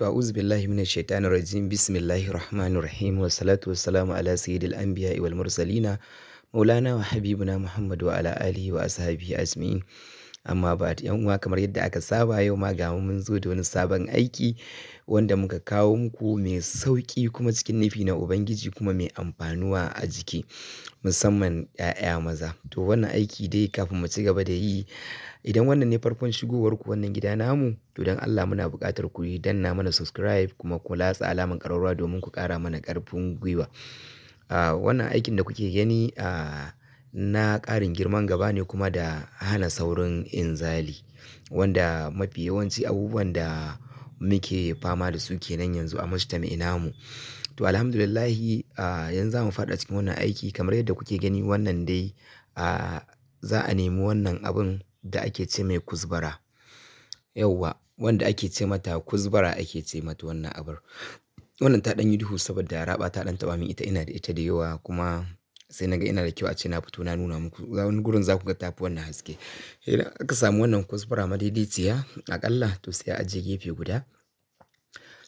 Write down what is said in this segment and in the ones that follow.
To a'udhu billahi shaitani rajim. bismillahi rahmanir rahim. Wassalatu wassalamu ala sayyidil anbiya'i wal mursalina Maulana wa habibuna Muhammad wa ala alihi wa ashabihi ajma'in. amma ba ta yan uwa kamar yadda aka saba yau ma ga mun zo da wani sabon aiki wanda muka kawo muku mai sauki kuma cikin nufi na ubangiji kuma mai amfanuwa a jiki musamman 'ya'ya maza to wannan aiki dai kafin mu ci gaba da yi idan wannan ne farkon shigowar ku wannan gida namu to dan Allah muna buƙatar ku yi danna mana subscribe kuma ku latsa alaman ƙararrawa domin ku ƙara mana ƙarfin gwiwa ah, wannan aikin da kuke gani a ah, na ƙarin girman gaba ne kuma da hana saurin inzali wanda mafi yawanci abubuwan da muke fama da su kenan yanzu a mujtami'ina mu to alhamdulillahi yanzu za mu faɗa cikin wannan aiki kamar yadda kuke gani wannan dai za a nemi wannan abin da ake ce mai kuzbara yauwa wanda ake ce mata kuzbara ake ce mata wannan abar wannan ta ɗan yi duhu saboda raba ta ɗan taɓa min ita ina da ita da yawa kuma sai na ga ina da kyau a ce na fito na nuna muku wani gurin za ku ga tafi wannan haske idan aka samu wannan kuskura madaidaiciya akalla to sai a ajiye gefe guda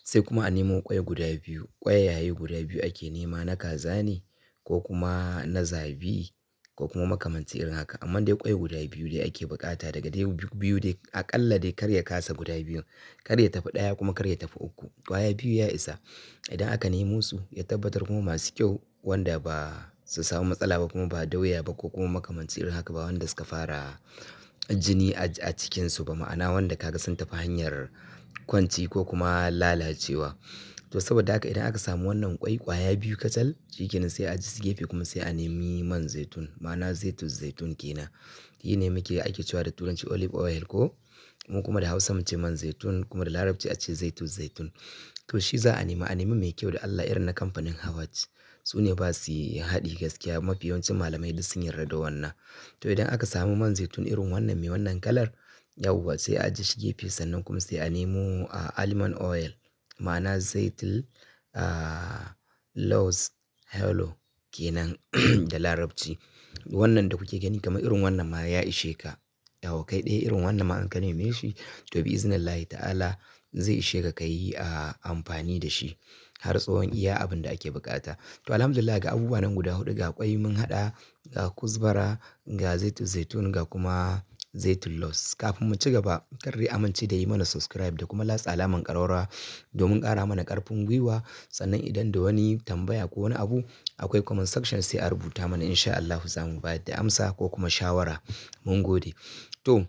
sai kuma a nemo kwai guda biyu yayi guda biyu ake nema na kaza ne ko kuma na zabi ko kuma makamanci irin haka amma dai kwai guda biyu dai ake bukata daga dai biyu dai akalla dai kar ya kasa guda biyu kar ya tafi daya kuma kar ya tafi uku kwaya biyu ya isa idan aka nemo su ya tabbatar kuma masu kyau wanda ba su samu matsala ba kuma ba dauya ba ko kuma makamanci irin haka ba wanda suka fara jini a cikinsu ba ma'ana wanda kaga sun tafi hanyar kwanci ko kuma lalacewa to saboda haka idan aka samu wannan kwai kwaya biyu kacal shikenan sai a ji su gefe kuma sai a nemi man zaitun ma'ana zaitun zaitun kenan shi ne muke ake cewa da turanci olive oil ko mu kuma da hausa mu ce man zaitun kuma da larabci a ce zaitun zaitun to shi za a nemi, a nemi mai kyau da Allah irin na kamfanin hawaii su ne ba su yi haɗi gaskiya mafi yawancin malamai duk sun yarda da wannan to idan aka samu man zaitun irin wannan mai wannan kalar yawwa sai a ji shi gefe sannan kuma sai a nemo a almond oil ma'ana zaitun laws hello kenan da larabci wannan da kuke gani kamar irin wannan ma ya ishe ka yawo kai ɗaya irin wannan ma an ka neme shi to bi iznillahi ta'ala zai ishe ka ka yi amfani da shi har tsawon iya abin da ake bukata To alhamdulillah ga abubuwa nan guda hudu ga kwai mun haɗa, ga kuzbara, ga zaitun zaitun ga kuma zaitun los Kafin mu ci gaba kar ri amince da yi mana subscribe da kuma latsa alamar ƙararrawa domin kara mana karfin gwiwa. Sannan idan da wani tambaya ko wani abu akwai comment section sai a rubuta mana insha Allah za mu bayar da amsa ko kuma shawara. Mun gode. To.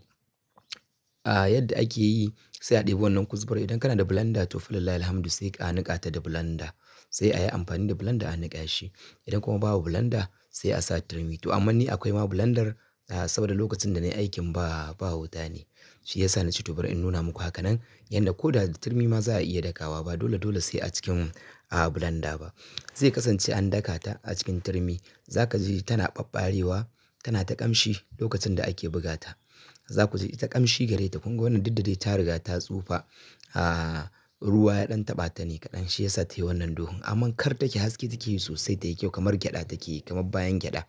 A yadda ake yi sai a ɗebi wannan kuzbar idan kana da blender to falillahi alhamdu sai a niƙa ta da bilanda. sai a yi amfani da bilanda a niƙa shi idan kuma babu bilanda, sai a sa turmi to amma ni akwai ma blender saboda lokacin da na yi aikin ba ba wuta ne shi yasa na ci to bari in nuna muku haka nan yanda ko da turmi ma za a iya dakawa ba dole dole sai a cikin a blender ba zai kasance an daka ta a cikin turmi zaka ji tana ɓaɓɓarewa tana ta ƙamshi lokacin da ake buga ta za ku ji ita kamshi gare ta kun ga wannan duk da dai ta riga ta tsufa a ruwa ya dan taba ta ne kaɗan, shi yasa ta yi wannan duhun amma kar take haske take yi sosai ta yi kyau kamar gyaɗa take yi kamar bayan gyaɗa.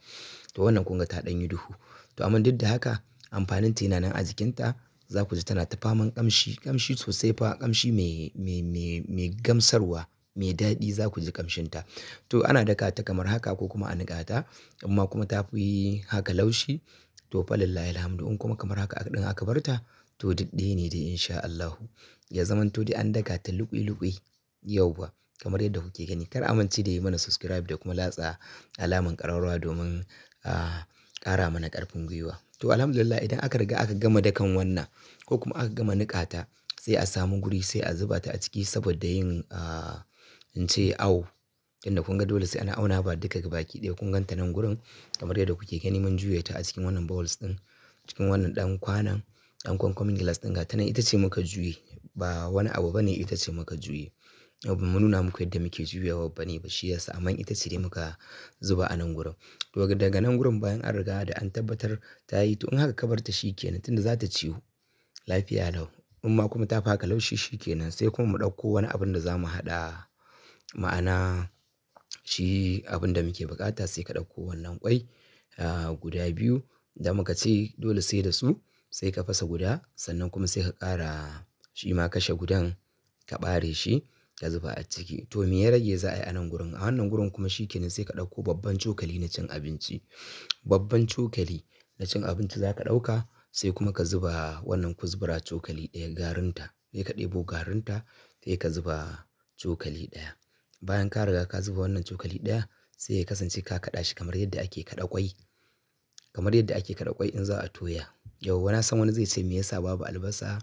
to wannan kun ga ta dan yi duhu to amma duk da haka amfanin ta yana nan a jikinta za ku ji tana ta faman kamshi kamshi sosai fa kamshi mai gamsarwa mai daɗi za ku ji ƙamshinta. to ana daka ta kamar haka ko kuma a niƙa amma kuma ta fi haka laushi to fa lillahi alhamdu in kuma kamar haka din aka bar ta to duk ɗaya ne dai insha Allah ya zamanto dai an daga ta lukui-lukui ba kamar yadda kuke gani kar amince da yi mana subscribe da kuma latsa alaman ƙararrawa domin ƙara mana ƙarfin gwiwa to alhamdulillah idan aka riga aka gama da kan wannan ko kuma aka gama niƙata sai a samu guri sai a zuba ta a ciki saboda yin in ce au tunda kun ga dole sai ana auna ba duka baki ɗaya kun ganta nan gurin kamar yadda kuke gani mun juya ta a cikin wannan bowls din cikin wannan dan kwanan dan kwankwamin gilas din gata nan ita ce muka juye ba wani abu bane ita ce muka juye ba mu nuna muku yadda muke juyawa bane ba shi yasa amma ita ce dai muka zuba a nan gurin to daga nan gurin bayan an riga da an tabbatar ta yi to in haka kabar ta kenan tunda za ta ciwo lafiya lau in ma kuma ta faka laushi shi kenan sai kuma mu ɗauko wani abin da za mu haɗa ma'ana shi abin da muke bukata sai ka ɗauko wannan ƙwai guda biyu da muka ce dole sai da su sai ka fasa guda sannan kuma sai ka ƙara shi ma kashe gudan ka ɓare shi ka zuba a ciki to me ya rage za a yi a nan gurin a wannan gurin kuma shikenan sai ka ɗauko babban cokali na cin abinci babban cokali na cin abinci za ka ɗauka sai kuma ka zuba wannan kuzbura cokali ɗaya garinta sai ka ɗebo garinta sai ka zuba cokali ɗaya bayan ka riga ka zuba wannan cokali ɗaya sai ya kasance ka kaɗa shi kamar yadda ake kaɗa ƙwai kamar yadda ake kaɗa ƙwai in za a toya yau na san wani zai ce me yasa babu albasa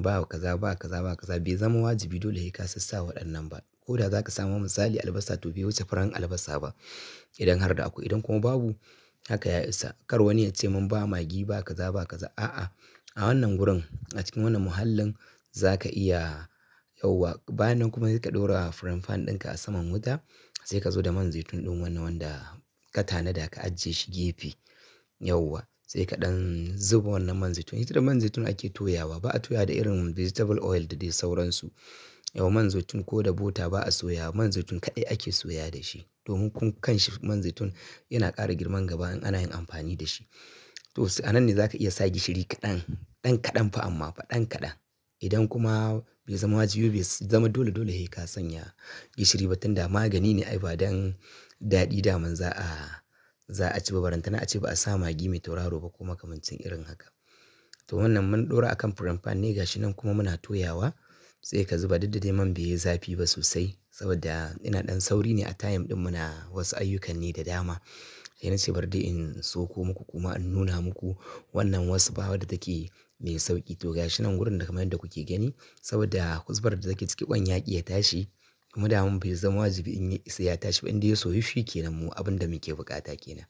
ba kaza ba kaza ba kaza bai zama wajibi dole sai ka sassa waɗannan ba ko da zaka samu misali albasa to bai wuce faran albasa ba idan har da akwai idan kuma babu haka ya isa kar wani ya ce mun ba magi ba kaza ba kaza a'a a wannan gurin a cikin wannan muhallin zaka iya yauwa. Bayan nan kuma sai ka ɗora frying pan ɗinka a saman wuta sai ka zo da man zaitun ɗin wannan wanda ka da ka ajiye shi gefe yauwa. Sai ka ɗan zuba wannan man zaitun. Ita da man zaitun ake toyawa ba a toya da irin vegetable oil da dai sauransu. Yauwa man zaitun ko da bota ba a soya. Man zaitun kaɗai ake soya da shi domin kun kanshi man zaitun yana ƙara girman gaba in ana yin amfani da shi. To a nan ne za ka iya sa gishiri kaɗan, ɗan kaɗan fa amma fa ɗan kaɗan. Idan kuma bai zama wajibi bai zama dole dole sai ka sanya gishiri ba tunda magani ne ai ba dan daɗi daman za a za a ci ba barantana a ce ba a sa magi mai tauraro ba ko makamancin irin haka to wannan mun ɗora akan furen fan ne gashi nan kuma muna toyawa sai ka zuba duk da dai man bai yi zafi ba sosai saboda ina ɗan sauri ne a tayim ɗin muna wasu ayyukan ne da dama Sai na ce bari dai in soko muku kuma in nuna muku wannan wasu bawa da take mai sauki To gashi nan gurin da kamar yadda kuke gani saboda kusbar da take ciki kwan yaƙi ya tashi kuma daman bai zama wajibi in ya isa ya tashi ba in ya soyu shi kenan mu abin da muke bukata kenan.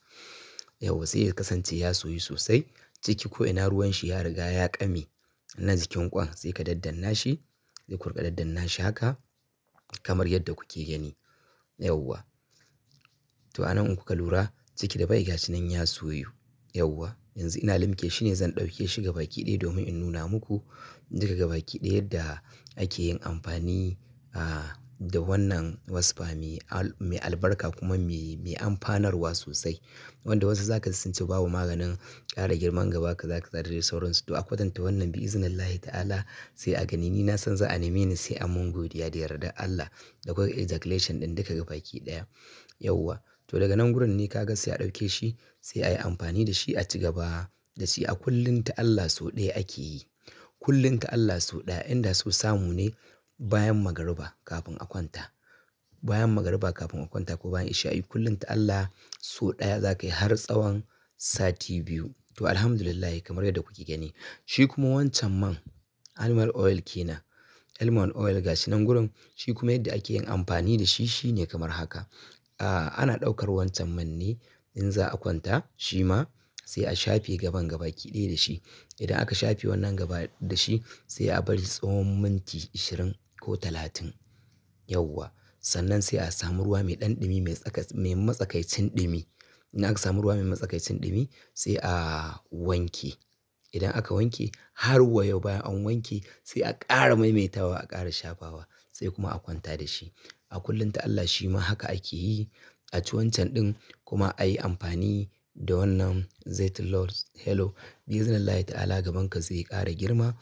Yauwa sai ya kasance ya soyi sosai ciki ko ina ruwan shi ya riga ya ƙame na jikin kwan sai ka daddanna shi sai kurka daddanna shi haka kamar yadda kuke gani. Yauwa to a in kuka lura ciki da bai gashi nan ya soyu yawwa yanzu ina limke shi ne zan ɗauke shi gabaki ɗaya domin in nuna muku duka gabaki ɗaya yadda ake yin amfani da wannan wasfa mai albarka kuma mai amfanarwa sosai wanda wasu zaka sun ce babu maganin ƙara girman gaba ka kaza da sauransu to a kwatanta wannan bi Allah ta'ala sai a gani ni na san za a neme ni sai an mun godiya da yarda Allah da kuma ejaculation din duka gabaki ɗaya yawwa To daga nan gurin ne ka sai a ɗauke shi sai a yi amfani da shi a ci gaba da shi a kullum ta Allah so ɗaya ake yi. Kullum ta Allah so ɗaya inda so samu ne bayan magariba kafin a kwanta. Bayan magariba kafin a kwanta ko bayan yi kullum ta Allah so ɗaya za ka yi har tsawon sati biyu. To alhamdulillah kamar yadda kuke gani. Shi kuma wancan man animal oil kenan elmon Almond oil shi nan gurin shi kuma yadda ake yin amfani da shi shi ne kamar haka. ana ɗaukar wancan man ne in za a kwanta shi ma sai a shafe gaban gabaki ɗaya da shi idan aka shafe wannan gaba da shi sai a bari tsawon minti ashirin ko talatin yauwa sannan sai a samu ruwa mai ɗan ɗumi mai matsakaicin ɗumi in aka samu ruwa mai matsakaicin ɗumi sai a wanke idan aka wanke har wa yau bayan an wanke sai a ƙara maimaitawa a ƙara shafawa sai kuma a kwanta da shi a kullum ta Allah shi ma haka ake yi a ci wancan ɗin kuma a yi amfani da wannan zaitun lord hello ya ta'ala ka zai ƙara girma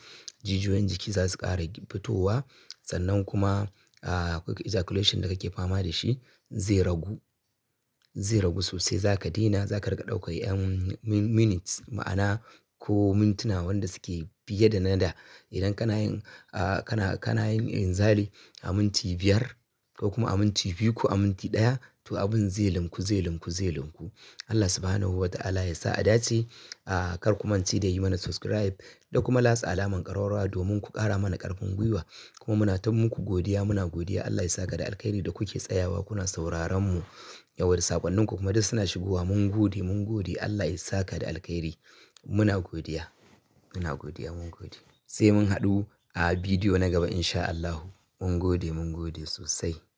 jijiyoyin jiki za su ƙara fitowa sannan kuma a quick ejaculation da kake fama da shi zai ragu zai ragu sosai za ka dina, za ka riga ɗaukar 'yan minutes ma'ana ko mintuna wanda suke fiye da nada, idan kana yin kana kana yin inzali a minti biyar ko kuma a biyu ko a ɗaya to abin zai lanku zai lanku zai lanku Allah subhanahu wa ta'ala ya sa a dace a kar ku mance da yi mana subscribe da kuma latsa alaman ƙararrawa domin ku kara mana karfin gwiwa kuma muna ta muku godiya muna godiya Allah ya sa ka da alkhairi da kuke tsayawa kuna sauraron mu yawa da sakonnin ku kuma duk suna shigowa mun gode mun gode Allah ya sa ka da alkhairi muna godiya muna godiya mun gode sai mun haɗu a bidiyo na gaba insha Allahu mun gode mun gode sosai